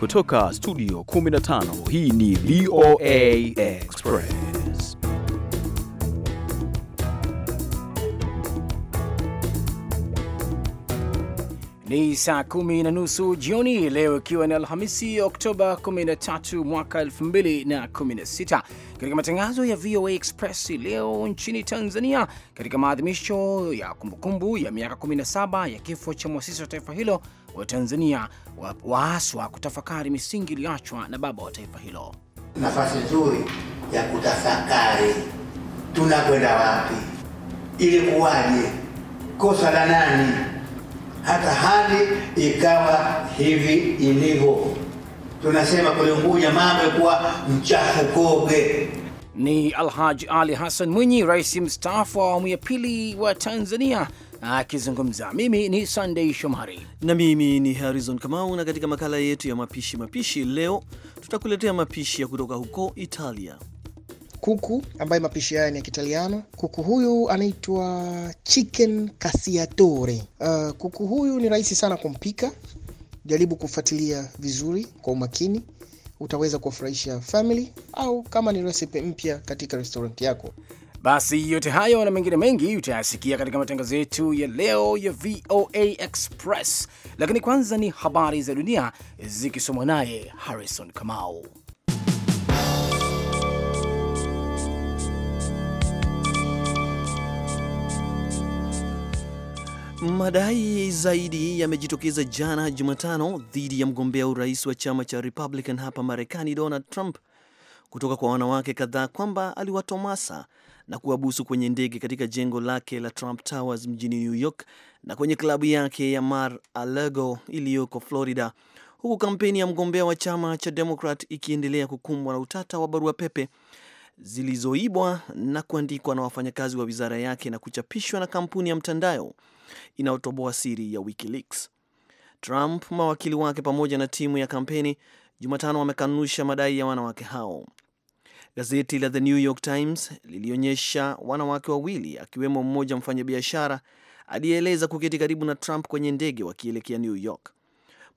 Kutoka studio 15 hii ni VOA Express. Ni saa kumi na nusu jioni leo, ikiwa ni Alhamisi Oktoba 13 mwaka 2016. Katika matangazo ya VOA Express leo nchini Tanzania, katika maadhimisho ya kumbukumbu ya miaka 17 ya kifo cha mwasisi wa taifa hilo Watanzania waaswa kutafakari misingi iliyoachwa na baba wa taifa hilo. Nafasi nzuri ya kutafakari, tunakwenda wapi? Ilikuwaje? Kosa la nani hata hali ikawa hivi ilivyo? Tunasema kule Unguja mambo yakuwa mchafu koge. Ni Alhaji Ali Hassan Mwinyi, rais mstaafu wa awamu ya pili wa Tanzania akizungumza. Mimi ni Sunday Shomari na mimi ni Harrison Kamau, na katika makala yetu ya mapishi mapishi leo tutakuletea mapishi ya kutoka huko Italia kuku ambaye mapishi haya ni ya Kitaliano. Kuku huyu anaitwa chicken cacciatore. Uh, kuku huyu ni rahisi sana kumpika. Jaribu kufuatilia vizuri kwa umakini, utaweza kuwafurahisha family au kama ni recipe mpya katika restaurant yako. Basi yote hayo na mengine mengi utayasikia katika matangazo yetu ya leo ya VOA Express, lakini kwanza ni habari za dunia zikisomwa naye Harrison Kamau. Madai zaidi yamejitokeza jana Jumatano dhidi ya mgombea urais wa chama cha Republican hapa Marekani, Donald Trump, kutoka kwa wanawake kadhaa kwamba aliwatomasa na kuwabusu kwenye ndege katika jengo lake la Trump Towers mjini New York na kwenye klabu yake ya Mar-a-Lago iliyoko Florida, huku kampeni ya mgombea wa chama cha Demokrat ikiendelea kukumbwa na utata wa barua pepe zilizoibwa na kuandikwa na wafanyakazi wa wizara yake na kuchapishwa na kampuni ya mtandao inayotoboa siri ya WikiLeaks. Trump, mawakili wake pamoja na timu ya kampeni Jumatano wamekanusha madai ya wanawake hao. Gazeti la The New York Times lilionyesha wanawake wawili akiwemo mmoja mfanyabiashara aliyeeleza kuketi karibu na Trump kwenye ndege wakielekea New York.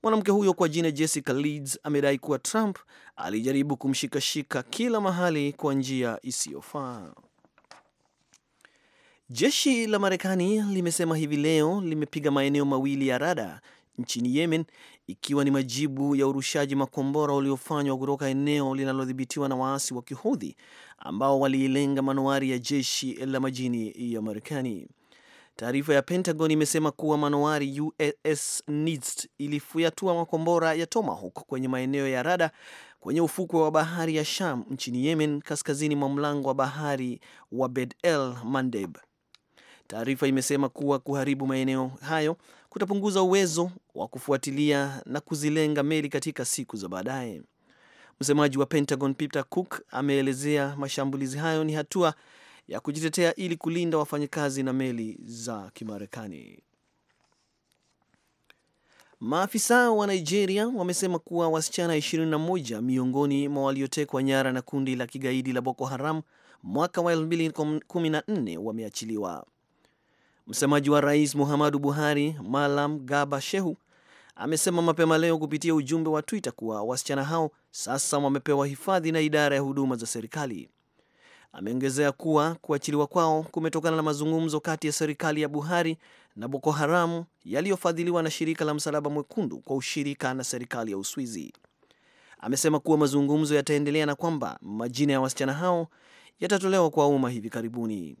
Mwanamke huyo kwa jina Jessica Leeds amedai kuwa Trump alijaribu kumshikashika kila mahali kwa njia isiyofaa. Jeshi la Marekani limesema hivi leo limepiga maeneo mawili ya rada nchini Yemen ikiwa ni majibu ya urushaji makombora uliofanywa kutoka eneo linalodhibitiwa na waasi wa Kihudhi ambao waliilenga manowari ya jeshi la majini ya Marekani. Taarifa ya Pentagon imesema kuwa manowari USS Nimitz ilifyatua makombora ya Tomahawk kwenye maeneo ya rada kwenye ufukwe wa bahari ya Sham nchini Yemen, kaskazini mwa mlango wa bahari wa Bed El Mandeb. Taarifa imesema kuwa kuharibu maeneo hayo kutapunguza uwezo wa kufuatilia na kuzilenga meli katika siku za baadaye. Msemaji wa Pentagon Peter Cook ameelezea mashambulizi hayo ni hatua ya kujitetea ili kulinda wafanyakazi na meli za Kimarekani. Maafisa wa Nigeria wamesema kuwa wasichana 21 miongoni mwa waliotekwa nyara na kundi la kigaidi la Boko Haram mwaka wa 2014 wameachiliwa. Msemaji wa rais Muhammadu Buhari, Malam Gaba Shehu, amesema mapema leo kupitia ujumbe wa Twitter kuwa wasichana hao sasa wamepewa hifadhi na idara ya huduma za serikali. Ameongezea kuwa kuachiliwa kwao kumetokana na mazungumzo kati ya serikali ya Buhari na Boko Haramu yaliyofadhiliwa na shirika la Msalaba Mwekundu kwa ushirika na serikali ya Uswizi. Amesema kuwa mazungumzo yataendelea na kwamba majina ya wasichana hao yatatolewa kwa umma hivi karibuni.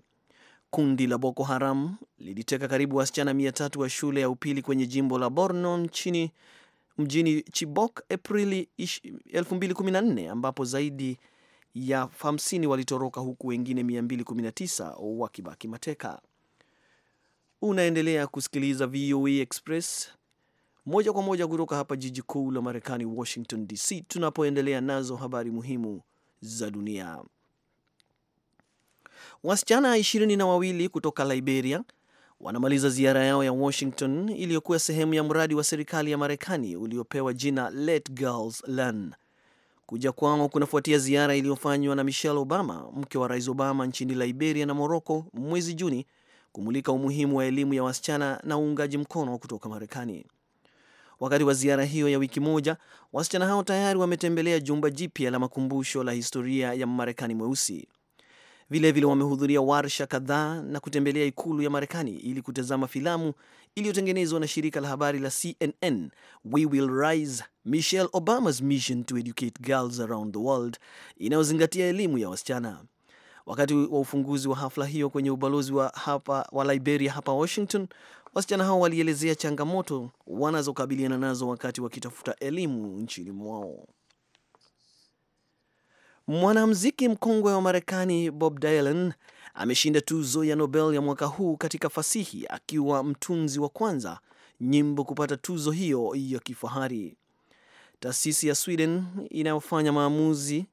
Kundi la Boko Haram liliteka karibu wasichana mia tatu wa shule ya upili kwenye jimbo la Borno nchini mjini Chibok Aprili 2014 ambapo zaidi ya 50 walitoroka huku wengine 219 wakibaki mateka. Unaendelea kusikiliza VOA Express moja kwa moja kutoka hapa jiji kuu la Marekani, Washington DC, tunapoendelea nazo habari muhimu za dunia. Wasichana ishirini na wawili kutoka Liberia wanamaliza ziara yao ya Washington iliyokuwa sehemu ya mradi wa serikali ya Marekani uliopewa jina Let Girls Learn. Kuja kwao kunafuatia ziara iliyofanywa na Michelle Obama, mke wa Rais Obama, nchini Liberia na Moroko mwezi Juni kumulika umuhimu wa elimu ya wasichana na uungaji mkono kutoka Marekani. Wakati wa ziara hiyo ya wiki moja, wasichana hao tayari wametembelea jumba jipya la makumbusho la historia ya marekani mweusi. Vilevile wamehudhuria warsha kadhaa na kutembelea ikulu ya Marekani ili kutazama filamu iliyotengenezwa na shirika la habari la CNN We Will Rise, Michelle Obama's Mission to Educate Girls Around the World, inayozingatia elimu ya wasichana. Wakati wa ufunguzi wa hafla hiyo kwenye ubalozi wa, hapa, wa Liberia hapa Washington, wasichana hao walielezea changamoto wanazokabiliana nazo wakati wakitafuta elimu nchini mwao. Mwanamuziki mkongwe wa Marekani Bob Dylan ameshinda tuzo ya Nobel ya mwaka huu katika fasihi akiwa mtunzi wa kwanza nyimbo kupata tuzo hiyo ya kifahari. Taasisi ya Sweden inayofanya maamuzi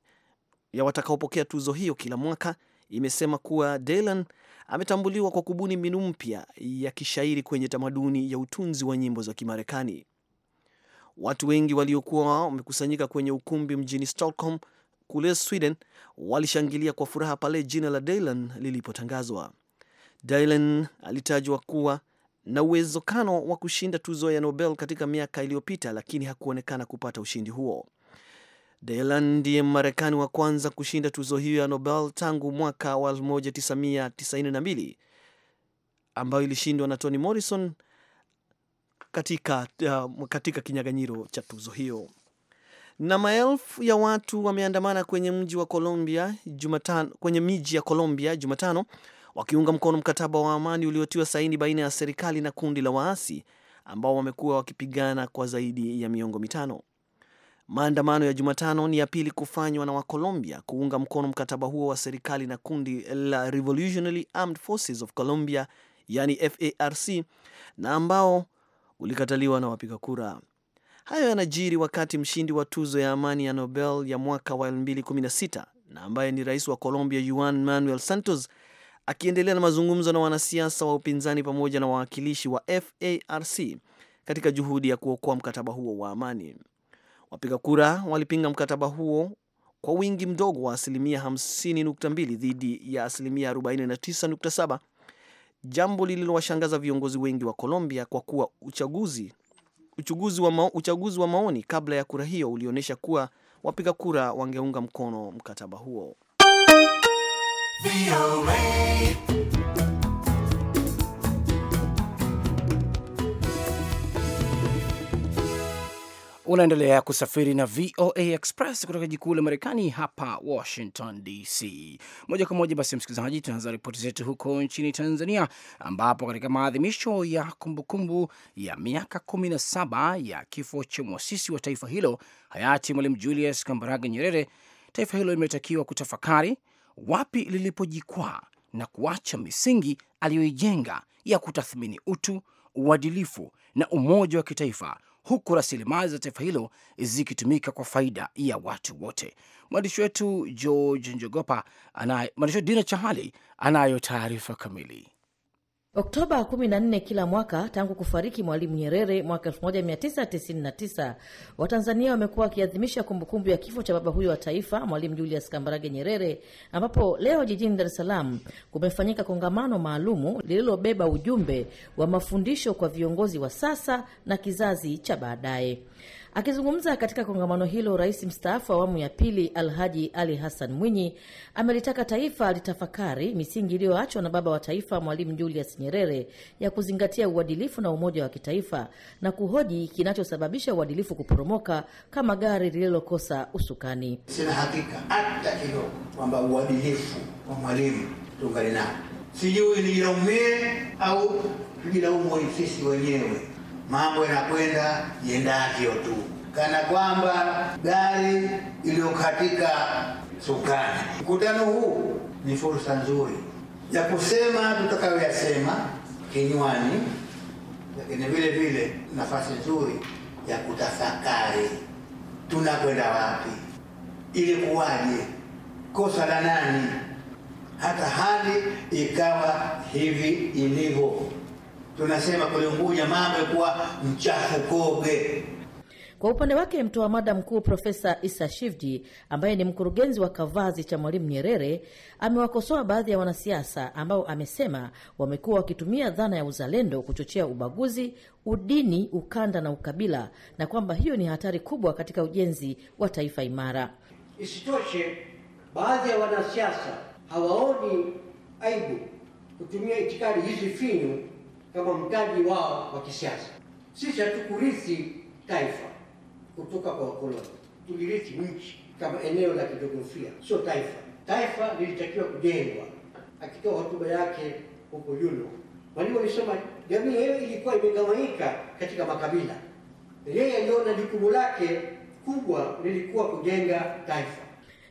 ya watakaopokea tuzo hiyo kila mwaka imesema kuwa Dylan ametambuliwa kwa kubuni mbinu mpya ya kishairi kwenye tamaduni ya utunzi wa nyimbo za Kimarekani. Watu wengi waliokuwa wamekusanyika kwenye ukumbi mjini Stockholm kule Sweden walishangilia kwa furaha pale jina la Dylan lilipotangazwa. Dylan alitajwa kuwa na uwezekano wa kushinda tuzo ya Nobel katika miaka iliyopita, lakini hakuonekana kupata ushindi huo. Dylan ndiye Marekani wa kwanza kushinda tuzo hiyo ya Nobel tangu mwaka wa 1992 ambayo ilishindwa na Toni Morrison katika, uh, katika kinyaganyiro cha tuzo hiyo. Na maelfu ya watu wameandamana kwenye mji wa Colombia Jumatano, kwenye miji ya Colombia Jumatano wakiunga mkono mkataba wa amani uliotiwa saini baina ya serikali na kundi la waasi ambao wamekuwa wakipigana kwa zaidi ya miongo mitano. Maandamano ya Jumatano ni ya pili kufanywa na Wakolombia kuunga mkono mkataba huo wa serikali na kundi la Revolutionary Armed Forces of Colombia, yani FARC, na ambao ulikataliwa na wapiga kura. Hayo yanajiri wakati mshindi wa tuzo ya amani ya Nobel ya mwaka wa 2016 na ambaye ni rais wa Colombia Juan Manuel Santos akiendelea na mazungumzo na wanasiasa wa upinzani pamoja na wawakilishi wa FARC katika juhudi ya kuokoa mkataba huo wa amani. Wapiga kura walipinga mkataba huo kwa wingi mdogo wa asilimia 50.2 dhidi ya asilimia 49.7, jambo lililowashangaza viongozi wengi wa Colombia kwa kuwa uchaguzi uchaguzi wa, mao, uchaguzi wa maoni kabla ya kura hiyo ulionyesha kuwa wapiga kura wangeunga mkono mkataba huo. Unaendelea kusafiri na VOA Express kutoka jikuu la Marekani hapa Washington DC, moja kwa moja. Basi msikilizaji, tunaanza ripoti zetu huko nchini Tanzania, ambapo katika maadhimisho ya kumbukumbu kumbu ya miaka 17 ya kifo cha mwasisi wa taifa hilo hayati Mwalimu Julius Kambarage Nyerere, taifa hilo limetakiwa kutafakari wapi lilipojikwaa na kuacha misingi aliyoijenga ya kutathmini utu, uadilifu na umoja wa kitaifa huku rasilimali za taifa hilo zikitumika kwa faida ya watu wote. Mwandishi wetu George Njogopa, mwandishi wetu Dina Chahali anayo taarifa kamili. Oktoba 14 kila mwaka tangu kufariki Mwalimu Nyerere mwaka 1999, Watanzania wamekuwa wakiadhimisha kumbukumbu ya kifo cha baba huyo wa taifa Mwalimu Julius Kambarage Nyerere, ambapo leo jijini Dar es Salaam kumefanyika kongamano maalumu lililobeba ujumbe wa mafundisho kwa viongozi wa sasa na kizazi cha baadaye. Akizungumza katika kongamano hilo, rais mstaafu awamu ya pili Alhaji Ali Hassan Mwinyi amelitaka taifa litafakari misingi iliyoachwa na baba wa taifa Mwalimu Julius Nyerere ya kuzingatia uadilifu na umoja wa kitaifa na kuhoji kinachosababisha uadilifu kuporomoka kama gari lililokosa usukani. Sina hakika hata kidogo kwamba uadilifu wa Mwalimu tungali nao, sijui nijilaumie au tujilaumu sisi wenyewe mambo yanakwenda yendavyo tu, kana kwamba gari iliyokatika sukani. Mkutano huu ni fursa nzuri ya kusema tutakayoyasema kinywani, lakini vile vile nafasi nzuri ya kutafakari tunakwenda wapi, ilikuwaje, kosa la nani, hata hali ikawa hivi ilivyo tunasema kule Unguja mambo kuwa mchafu koge. Kwa upande wake mtoa mada mkuu Profesa Isa Shivji, ambaye ni mkurugenzi wa kavazi cha Mwalimu Nyerere, amewakosoa baadhi ya wanasiasa ambao amesema wamekuwa wakitumia dhana ya uzalendo kuchochea ubaguzi, udini, ukanda na ukabila, na kwamba hiyo ni hatari kubwa katika ujenzi wa taifa imara. Isitoshe, baadhi ya wanasiasa hawaoni aibu kutumia itikadi hizi finyu kama mtaji wao wa kisiasa. Sisi hatukurithi taifa kutoka kwa wakoloni, tulirithi nchi kama eneo la kijiografia, sio taifa. Taifa lilitakiwa kujengwa. Akitoa hotuba yake huko Yulo, Mwalimu alisema jamii hiyo ilikuwa imegawanyika katika makabila. Yeye aliona jukumu lake kubwa lilikuwa kujenga taifa.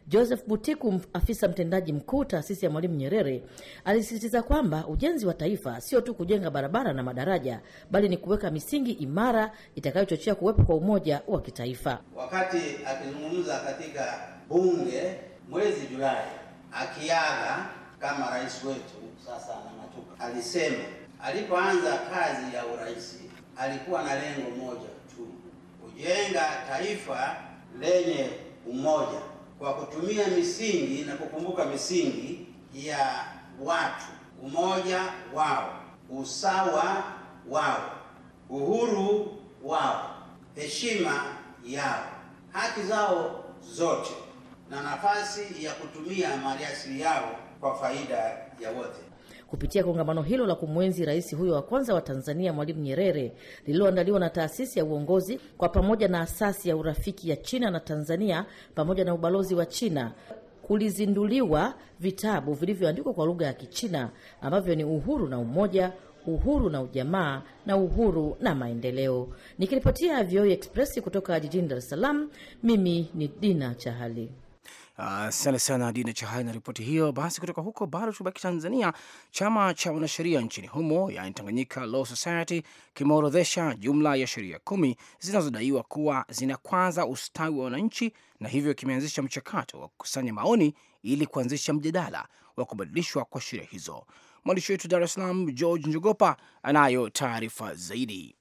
Joseph Butiku, afisa mtendaji mkuu taasisi ya Mwalimu Nyerere, alisisitiza kwamba ujenzi wa taifa sio tu kujenga barabara na madaraja, bali ni kuweka misingi imara itakayochochea kuwepo kwa umoja wa kitaifa. Wakati akizungumza katika bunge mwezi Julai, akiaga kama rais wetu sasa anang'atuka, alisema alipoanza kazi ya urais alikuwa na lengo moja tu, kujenga taifa lenye umoja kwa kutumia misingi na kukumbuka misingi ya watu, umoja wao, usawa wao, uhuru wao, heshima yao, haki zao zote na nafasi ya kutumia maliasili yao kwa faida ya wote kupitia kongamano hilo la kumwenzi rais huyo wa kwanza wa Tanzania Mwalimu Nyerere lililoandaliwa na taasisi ya uongozi kwa pamoja na asasi ya urafiki ya China na Tanzania pamoja na ubalozi wa China kulizinduliwa vitabu vilivyoandikwa kwa lugha ya Kichina ambavyo ni Uhuru na Umoja, Uhuru na Ujamaa na Uhuru na Maendeleo. Nikiripotia VOA e Express kutoka jijini dares salam Salaam, mimi ni Dina Chahali. Asante uh, sana Dina Chahai na ripoti hiyo. Basi kutoka huko bado tubaki Tanzania. Chama cha wanasheria nchini humo, yani Tanganyika Law Society, kimeorodhesha jumla ya sheria kumi zinazodaiwa kuwa zinakwaza ustawi wa wananchi, na hivyo kimeanzisha mchakato wa kukusanya maoni ili kuanzisha mjadala wa kubadilishwa kwa sheria hizo. Mwandishi wetu Dar es Salaam George Njogopa anayo taarifa zaidi.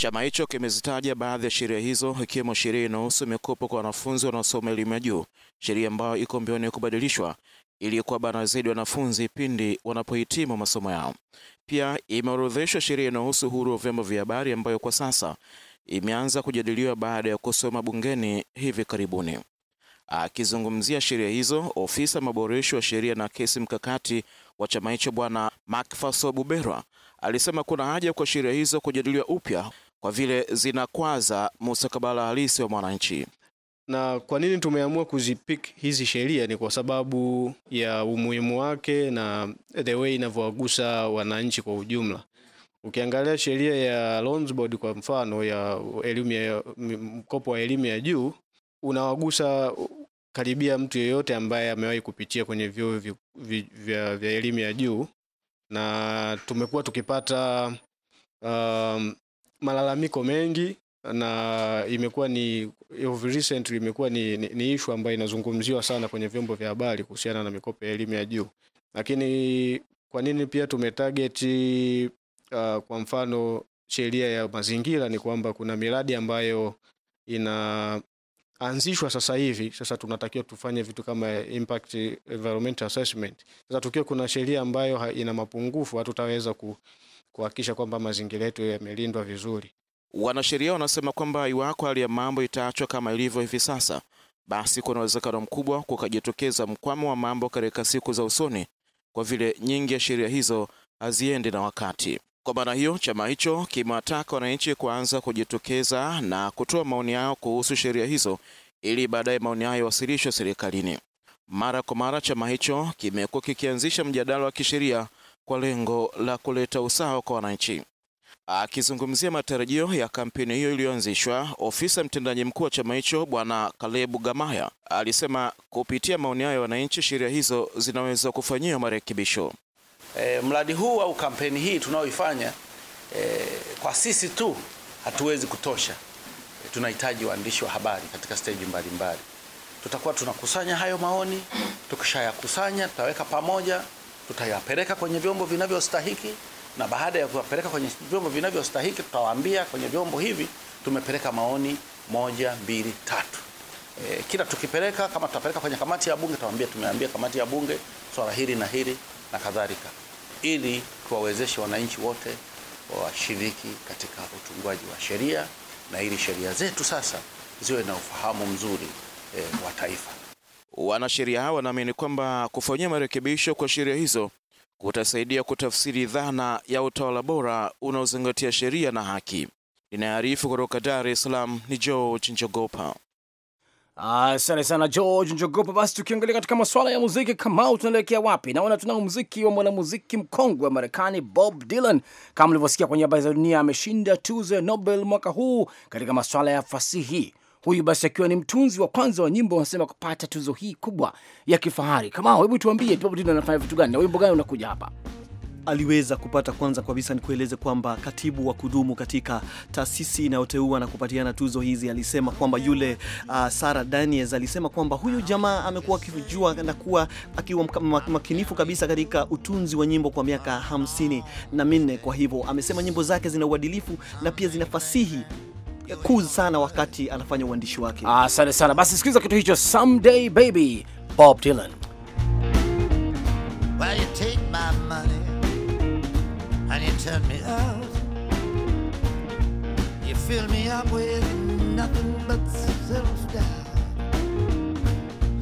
Chama hicho kimezitaja baadhi ya sheria hizo ikiwemo sheria inayohusu mikopo kwa wanafunzi wanaosoma elimu ya juu, sheria ambayo iko mbioni kubadilishwa ili kuwabana zaidi wanafunzi pindi wanapohitimu masomo yao. Pia imeorodheshwa sheria inayohusu uhuru wa vyombo vya habari ambayo kwa sasa imeanza kujadiliwa baada ya kusoma bungeni hivi karibuni. Akizungumzia sheria hizo, ofisa maboresho wa sheria na kesi mkakati wa chama hicho Bwana Macpherson Buberwa alisema kuna haja kwa sheria hizo kujadiliwa upya kwa vile zinakwaza mustakabala halisi wa mwananchi. Na kwa nini tumeamua kuzipik hizi sheria? Ni kwa sababu ya umuhimu wake na the way inavyowagusa wananchi kwa ujumla. Ukiangalia sheria ya Loans Board kwa mfano ya elimu ya mkopo wa elimu ya juu unawagusa karibia mtu yeyote ambaye amewahi kupitia kwenye vyo vya, vya, vya elimu ya juu na tumekuwa tukipata um, malalamiko mengi na imekuwa ni of recent imekuwa ni, ni, ni ishu ambayo inazungumziwa sana kwenye vyombo vya habari kuhusiana na mikopo ya elimu ya juu, lakini kwa nini pia tumetageti uh, kwa mfano sheria ya mazingira ni kwamba kuna miradi ambayo inaanzishwa sasa hivi. Sasa tunatakiwa tufanye vitu kama impact environmental assessment. Sasa tukiwa kuna sheria ambayo ina mapungufu hatutaweza ku kuhakikisha kwamba mazingira yetu yamelindwa vizuri. Wanasheria wanasema kwamba iwapo hali ya mambo itaachwa kama ilivyo hivi sasa, basi kuna uwezekano mkubwa kukajitokeza mkwamo wa mambo katika siku za usoni, kwa vile nyingi ya sheria hizo haziendi na wakati. Kwa maana hiyo, chama hicho kimewataka wananchi kuanza kujitokeza na kutoa maoni yao kuhusu sheria hizo ili baadaye maoni hayo yawasilishwe serikalini. Mara kwa mara, chama hicho kimekuwa kikianzisha mjadala wa kisheria kwa lengo la kuleta usawa kwa wananchi. Akizungumzia matarajio ya kampeni hiyo iliyoanzishwa, ofisa mtendaji mkuu wa chama hicho Bwana Kalebu Gamaya alisema kupitia maoni hayo ya wananchi, sheria hizo zinaweza kufanyiwa marekebisho. E, mradi huu au kampeni hii tunaoifanya e, kwa sisi tu hatuwezi kutosha. E, tunahitaji waandishi wa habari katika steji mbalimbali. Tutakuwa tunakusanya hayo maoni, tukishayakusanya tutaweka pamoja tutayapeleka kwenye vyombo vinavyostahiki, na baada ya kuwapeleka kwenye vyombo vinavyostahiki, tutawaambia kwenye vyombo hivi tumepeleka maoni moja, mbili, tatu. E, kila tukipeleka kama tutapeleka kwenye kamati ya bunge tutawaambia tumeambia kamati ya bunge swala hili na hili na kadhalika, ili tuwawezeshe wananchi wote washiriki katika utungwaji wa sheria na ili sheria zetu sasa ziwe na ufahamu mzuri e, wa taifa. Wanasheria hao wanaamini kwamba kufanyia marekebisho kwa sheria hizo kutasaidia kutafsiri dhana ya utawala bora unaozingatia sheria na haki. Inaarifu kutoka Dar es Salaam ni George Njogopa. Asante sana George Njogopa. Basi tukiangalia katika masuala ya muziki, Kamau, tunaelekea wapi? Naona tunao muziki wa mwanamuziki mkongwe wa Marekani Bob Dylan. Kama mlivyosikia kwenye habari za dunia, ameshinda tuzo ya Nobel mwaka huu katika masuala ya fasihi huyu basi akiwa ni mtunzi wa kwanza wa nyimbo wanasema kupata tuzo hii kubwa ya kifahari. Kama hebu tuambie anafanya vitu gani na wimbo gani unakuja hapa? aliweza kupata kwanza kabisa ni kueleze kwamba katibu wa kudumu katika taasisi inayoteua na kupatiana tuzo hizi alisema kwamba yule uh, Sara Daniels alisema kwamba huyu jamaa amekuwa akijua na kuwa akiwa makinifu kabisa katika utunzi wa nyimbo kwa miaka hamsini na minne. Kwa hivyo amesema nyimbo zake zina uadilifu na pia zina fasihi kuu sana wakati anafanya uandishi wake. Asante ah, sana. Basi sikiliza kitu hicho, someday baby, Bob Dylan. Well, you take my money and you turn me out. You fill me up with nothing but self-doubt.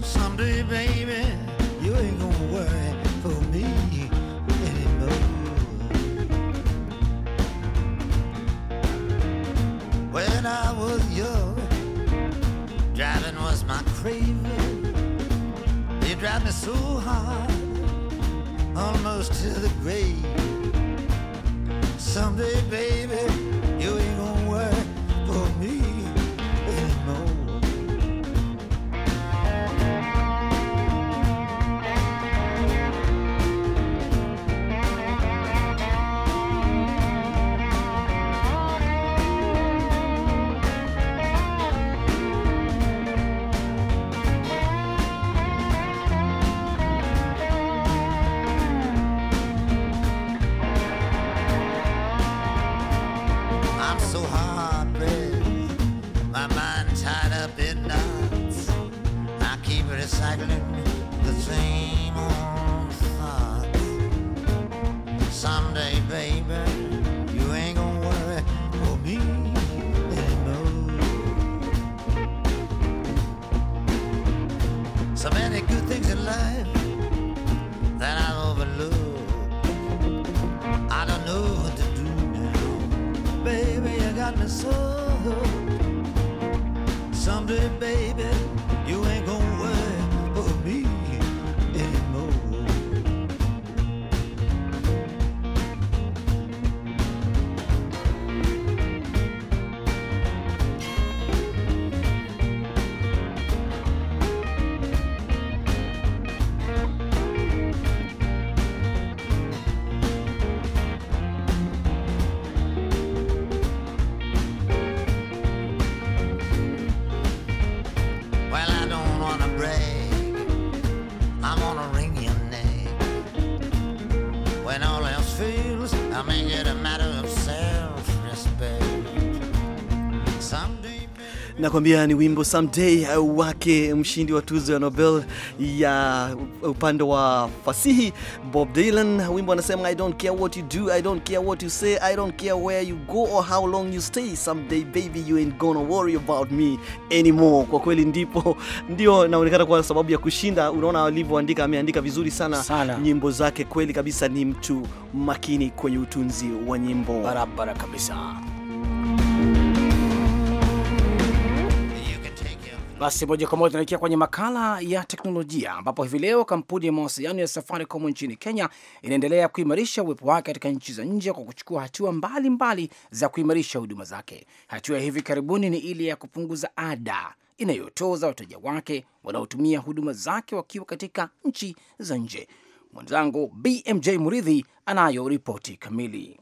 Someday baby, you ain't gonna worry. when I was young. Driving was my craving. They drive me so hard, almost to the grave. Someday, baby, you ain't gonna work for me. nakwambia ni wimbo someday uh, wake mshindi wa tuzo ya Nobel ya upande wa fasihi Bob Dylan. Wimbo anasema I don't care what you do, I don't care what you say, I don't care where you go or how long you stay, someday baby you ain't gonna worry about me anymore. Kwa kweli ndipo ndio naonekana kwa sababu ya kushinda. Unaona alivyoandika, ameandika vizuri sana, sana nyimbo zake. Kweli kabisa ni mtu makini kwenye utunzi wa nyimbo, barabara kabisa. Basi moja kwa moja tunaelekea kwenye makala ya teknolojia, ambapo hivi leo kampuni ya mawasiliano ya Safaricom nchini Kenya inaendelea kuimarisha uwepo wake katika nchi za nje kwa kuchukua hatua mbalimbali mbali za kuimarisha huduma zake. Hatua ya hivi karibuni ni ile ya kupunguza ada inayotoza wateja wake wanaotumia huduma zake wakiwa katika nchi za nje. Mwenzangu BMJ Muridhi anayo ripoti kamili.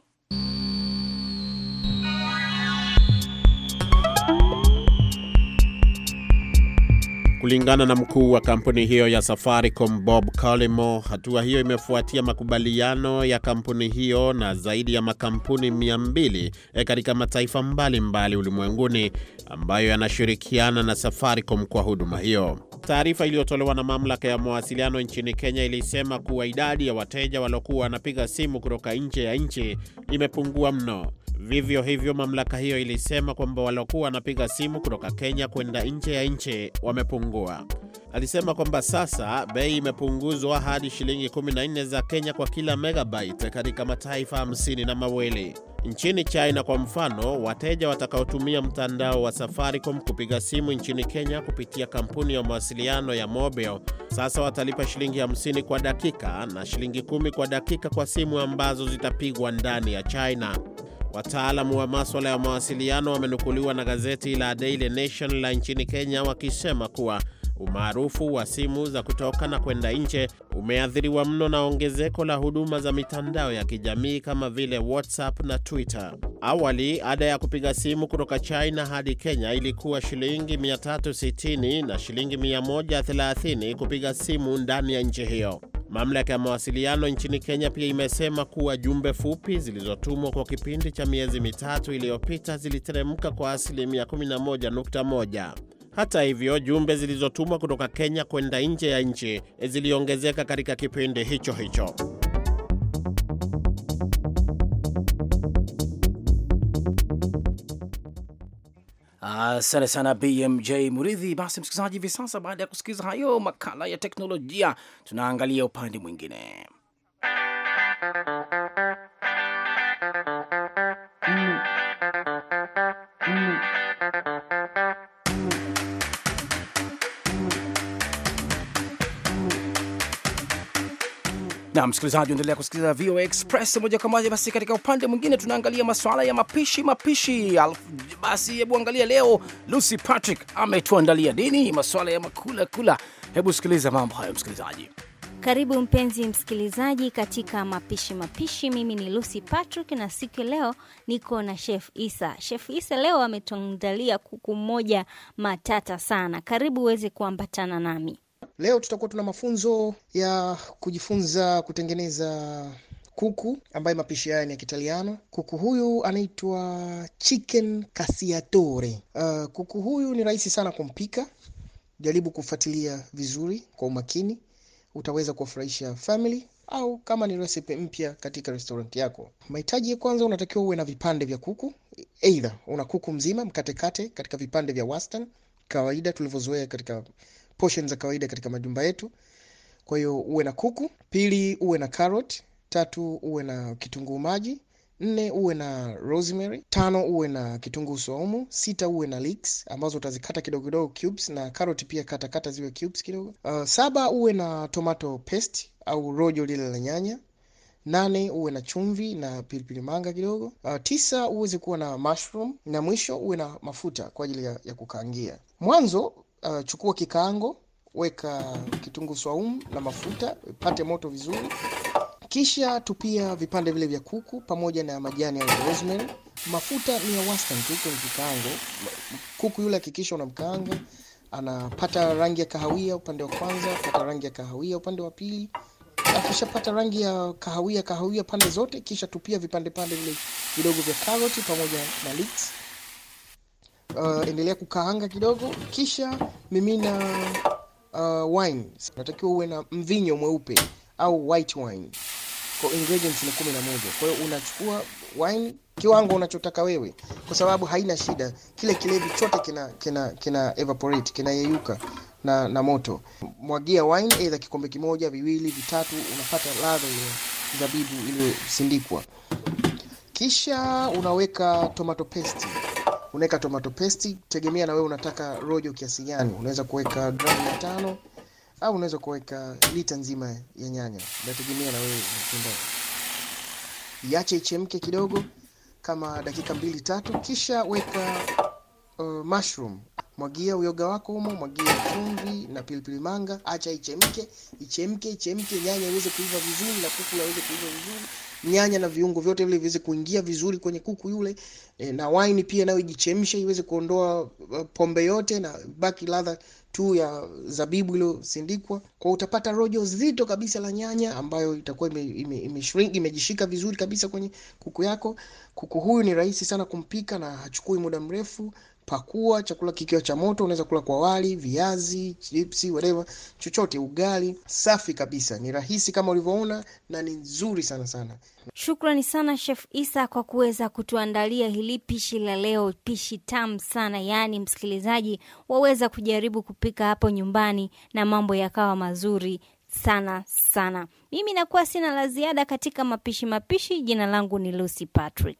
Kulingana na mkuu wa kampuni hiyo ya Safaricom Bob Collymore, hatua hiyo imefuatia makubaliano ya kampuni hiyo na zaidi ya makampuni 200 e eh, katika mataifa mbalimbali ulimwenguni ambayo yanashirikiana na Safaricom kwa huduma hiyo. Taarifa iliyotolewa na mamlaka ya mawasiliano nchini Kenya ilisema kuwa idadi ya wateja waliokuwa wanapiga simu kutoka nje ya nchi imepungua mno. Vivyo hivyo, mamlaka hiyo ilisema kwamba waliokuwa wanapiga simu kutoka Kenya kwenda nje ya nchi wamepungua. Alisema kwamba sasa bei imepunguzwa hadi shilingi 14 za Kenya kwa kila megabyte katika mataifa hamsini na mawili. Nchini China kwa mfano, wateja watakaotumia mtandao wa Safaricom kupiga simu nchini Kenya kupitia kampuni ya mawasiliano ya Mobil sasa watalipa shilingi 50 kwa dakika na shilingi kumi kwa dakika kwa simu ambazo zitapigwa ndani ya China. Wataalamu wa maswala ya mawasiliano wamenukuliwa na gazeti la Daily Nation la nchini Kenya wakisema kuwa umaarufu wa simu za kutoka na kwenda nje umeathiriwa mno na ongezeko la huduma za mitandao ya kijamii kama vile WhatsApp na Twitter. Awali, ada ya kupiga simu kutoka China hadi Kenya ilikuwa shilingi 360 na shilingi 130 kupiga simu ndani ya nchi hiyo. Mamlaka ya mawasiliano nchini Kenya pia imesema kuwa jumbe fupi zilizotumwa kwa kipindi cha miezi mitatu iliyopita ziliteremka kwa asilimia 11.1. Hata hivyo, jumbe zilizotumwa kutoka Kenya kwenda nje ya nchi eh, ziliongezeka katika kipindi hicho hicho. Asante sana BMJ Muridhi. Basi msikilizaji, hivi sasa baada ya kusikiliza hayo makala ya teknolojia, tunaangalia upande mwingine mm. na msikilizaji, unaendelea kusikiliza VOA Express moja kwa moja. Basi katika upande mwingine tunaangalia masuala ya mapishi mapishi basi hebu angalia leo Lucy Patrick ametuandalia nini masuala ya makula kula. Hebu sikiliza mambo hayo, msikilizaji. Karibu mpenzi msikilizaji katika mapishi mapishi. Mimi ni Lucy Patrick na siku leo niko na Chef Isa. Chef Isa leo ametuandalia kuku mmoja matata sana. Karibu uweze kuambatana nami. Leo tutakuwa tuna mafunzo ya kujifunza kutengeneza kuku ambaye mapishi haya ni ya Kitaliano. Kuku huyu anaitwa chicken kasiatore Uh, kuku huyu ni rahisi sana kumpika, jaribu kufuatilia vizuri kwa umakini, utaweza kuwafurahisha family au kama ni recipe mpya katika restaurant yako. Mahitaji ya kwanza, unatakiwa uwe na vipande vya kuku, eidha una kuku mzima mkatekate katika vipande vya wastani kawaida tulivyozoea katika portion za kawaida katika majumba yetu. Kwa hiyo uwe na kuku. Pili, uwe na carrot tatu uwe na kitunguu maji, nne uwe na rosemary, tano uwe na kitunguu saumu, sita uwe na leeks ambazo utazikata kidogo kidogo cubes, na karoti pia katakata kata ziwe cubes kidogo. Uh, saba uwe na tomato paste au rojo lile la nyanya nane uwe na chumvi na pilipili manga kidogo. Uh, tisa uweze kuwa na mushroom, na mwisho uwe na mafuta kwa ajili ya, ya kukaangia. Mwanzo uh, chukua kikaango, weka kitunguu swaumu na mafuta, pate moto vizuri. Kisha tupia vipande vile vya kuku pamoja na majani ya rosemary. Mafuta ni ya wastani tu kwenye kikaango. Kuku yule hakikisha una unamkaanga, anapata rangi ya kahawia upande wa kwanza, pata rangi ya kahawia upande wa pili. Akishapata rangi ya kahawia kahawia pande zote, kisha tupia vipande pande vile vidogo vya karoti pamoja na leeks. Uh, endelea kukaanga kidogo, kisha mimina uh, wine. natakiwa uwe na mvinyo mweupe au white wine. Kwa ingredients ni kumi na moja. Kwa hiyo unachukua wine kiwango unachotaka wewe, kwa sababu haina shida, kile kilevi chote kina kina kina evaporate kinayeyuka na na moto. Mwagia wine aidha kikombe kimoja, viwili, vitatu, unapata ladha ile zabibu iliyosindikwa. Kisha unaweka tomato paste unaweka tomato paste, tegemea na wewe unataka rojo kiasi gani. Unaweza kuweka gramu tano au unaweza kuweka lita nzima ya nyanya, nategemea na wewe unapenda. Iache ichemke kidogo kama dakika mbili tatu, kisha weka uh, mushroom, mwagia uyoga wako humo, mwagia chumvi na pilipili manga, acha ichemke ichemke ichemke, nyanya iweze kuiva vizuri na kuku iweze kuiva vizuri, nyanya na viungo vyote vile viweze kuingia vizuri kwenye kuku yule e, na wine pia nayo ijichemshe iweze kuondoa uh, pombe yote na baki ladha tu ya zabibu iliyosindikwa, kwa utapata rojo zito kabisa la nyanya ambayo itakuwa imejishika ime, ime vizuri kabisa kwenye kuku yako. Kuku huyu ni rahisi sana kumpika na hachukui muda mrefu pakua chakula kikiwa cha moto, unaweza kula kwa wali, viazi, chipsi, whatever, chochote, ugali, safi kabisa. Ni rahisi kama ulivyoona na ni nzuri sana sana. Shukrani sana Chef Isa kwa kuweza kutuandalia hili pishi la leo, pishi tamu sana. Yaani msikilizaji, waweza kujaribu kupika hapo nyumbani na mambo yakawa mazuri sana sana. Mimi nakuwa sina la ziada katika mapishi mapishi. Jina langu ni Lucy Patrick.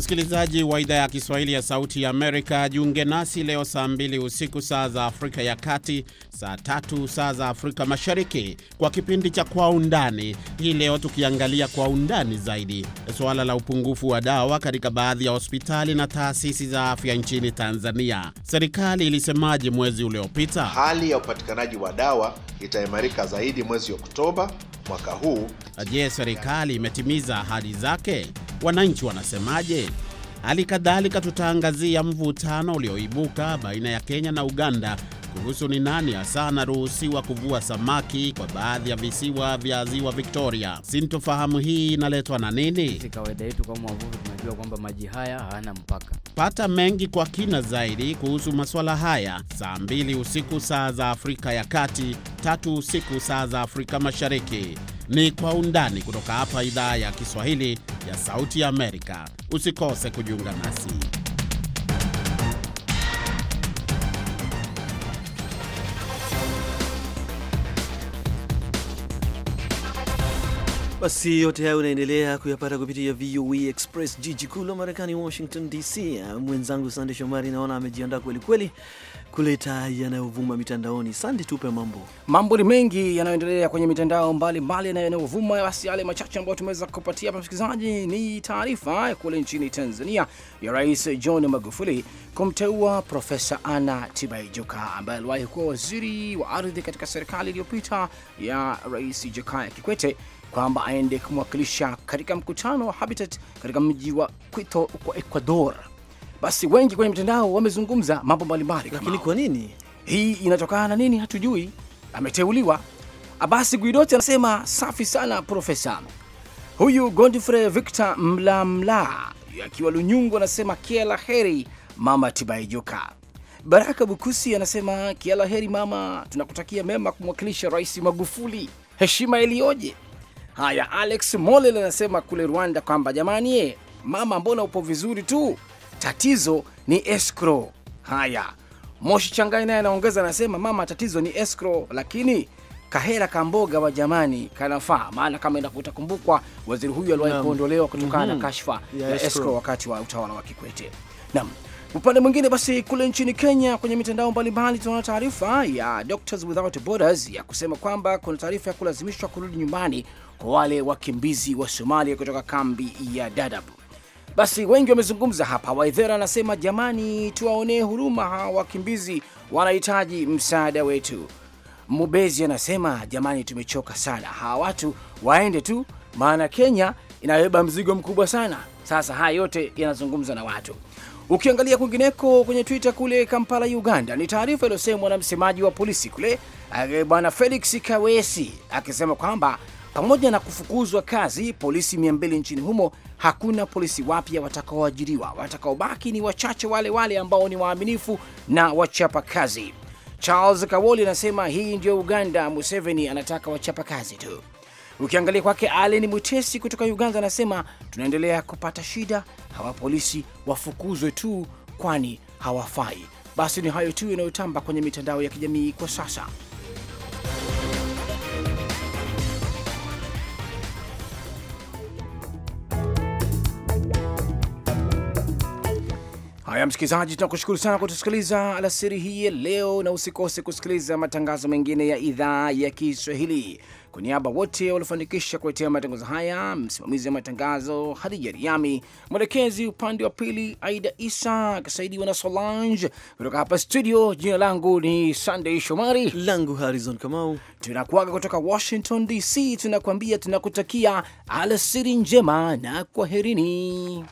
Msikilizaji wa idhaa ya Kiswahili ya Sauti ya Amerika, jiunge nasi leo saa 2 usiku saa za Afrika ya Kati, saa tatu saa za Afrika Mashariki kwa kipindi cha Kwa Undani. Hii leo tukiangalia kwa undani zaidi suala la upungufu wa dawa katika baadhi ya hospitali na taasisi za afya nchini Tanzania. Serikali ilisemaje mwezi uliopita? Hali ya upatikanaji wa dawa itaimarika zaidi mwezi Oktoba mwaka huu. Je, serikali imetimiza ahadi zake? Wananchi wanasemaje? Hali kadhalika tutaangazia mvutano ulioibuka baina ya Kenya na Uganda kuhusu ni nani hasa anaruhusiwa kuvua samaki kwa baadhi ya visiwa vya ziwa Victoria. Sintofahamu hii inaletwa na nini? Kawaida yetu kama wavuvi tunajua kwamba maji haya hayana mpaka. Pata mengi kwa kina zaidi kuhusu masuala haya saa mbili usiku saa za Afrika ya Kati, tatu usiku saa za Afrika Mashariki. Ni kwa undani kutoka hapa idhaa ya Kiswahili ya Sauti ya Amerika. Usikose kujiunga nasi. Basi yote hayo unaendelea kuyapata kupitia VOA e Express, jiji kuu la Marekani, Washington DC. Mwenzangu Sande Shomari naona amejiandaa kweli kweli kuleta yanayovuma mitandaoni. Sande, tupe mambo. Mambo ni mengi yanayoendelea kwenye mitandao mbalimbali na yanayovuma, basi yale machache ambayo tumeweza kupatia hapa, msikilizaji, ni taarifa kule nchini Tanzania ya Rais John Magufuli kumteua Profesa Anna Tibaijuka ambaye aliwahi kuwa waziri wa ardhi katika serikali iliyopita ya Rais Jakaya Kikwete kwamba aende kumwakilisha katika mkutano wa Habitat katika mji wa Quito huko Ecuador. Basi wengi kwenye mitandao wamezungumza mambo mbalimbali, lakini kwa nini hii inatokana na nini hatujui. Ameteuliwa Abasi Guidoti anasema safi sana profesa. Huyu Godfrey Victor Mlamla akiwa Lunyungu anasema la heri mama Tibaijuka. Baraka Bukusi anasema la heri mama, tunakutakia mema kumwakilisha Rais Magufuli, heshima iliyoje. Haya, Alex Molel anasema kule Rwanda kwamba jamani, ye eh, mama, mbona upo vizuri tu, tatizo ni escrow. Haya, Moshi Changai naye anaongeza anasema, mama, tatizo ni escrow, lakini kahera kamboga wa jamani kanafaa, maana kama itakumbukwa, waziri huyu aliwahi kuondolewa kutokana na mhm. kashfa ya yeah, escrow wakati wa utawala wa Kikwete. Naam. Upande mwingine basi, kule nchini Kenya kwenye mitandao mbalimbali tunaona taarifa ya Doctors Without Borders ya kusema kwamba kuna taarifa ya kulazimishwa kurudi nyumbani kwa wale wakimbizi wa Somalia kutoka kambi ya Dadaab. Basi wengi wamezungumza hapa. Waithera anasema jamani, tuwaonee huruma hawa wakimbizi, wanahitaji msaada wetu. Mubezi anasema jamani, tumechoka sana, hawa watu waende tu, maana Kenya inabeba mzigo mkubwa sana. Sasa haya yote yanazungumza na watu. Ukiangalia kwingineko kwenye Twitter kule Kampala, Uganda, ni taarifa iliyosemwa na msemaji wa polisi kule eh, bwana Felix Kawesi akisema kwamba pamoja na kufukuzwa kazi polisi mia mbili nchini humo, hakuna polisi wapya watakaoajiriwa. Watakaobaki ni wachache wale wale ambao ni waaminifu na wachapa kazi. Charles Kawoli anasema hii ndio Uganda, Museveni anataka wachapa kazi tu. Ukiangalia kwake alen Mutesi kutoka Uganda anasema tunaendelea kupata shida, hawa polisi wafukuzwe tu, kwani hawafai. Basi ni hayo tu yanayotamba kwenye mitandao ya kijamii kwa sasa. Haya msikilizaji, tunakushukuru sana kutusikiliza alasiri hii ya leo, na usikose kusikiliza matangazo mengine ya idhaa ya Kiswahili. Kwa niaba wote waliofanikisha kuletea matangazo haya, msimamizi wa matangazo Hadija Riami, mwelekezi upande wa pili Aida Isa akisaidiwa na Solange kutoka hapa studio. Jina langu ni sandey Shomari, langu harizon Kamau. Tunakuaga kutoka Washington DC, tunakuambia tunakutakia alasiri njema na kwaherini.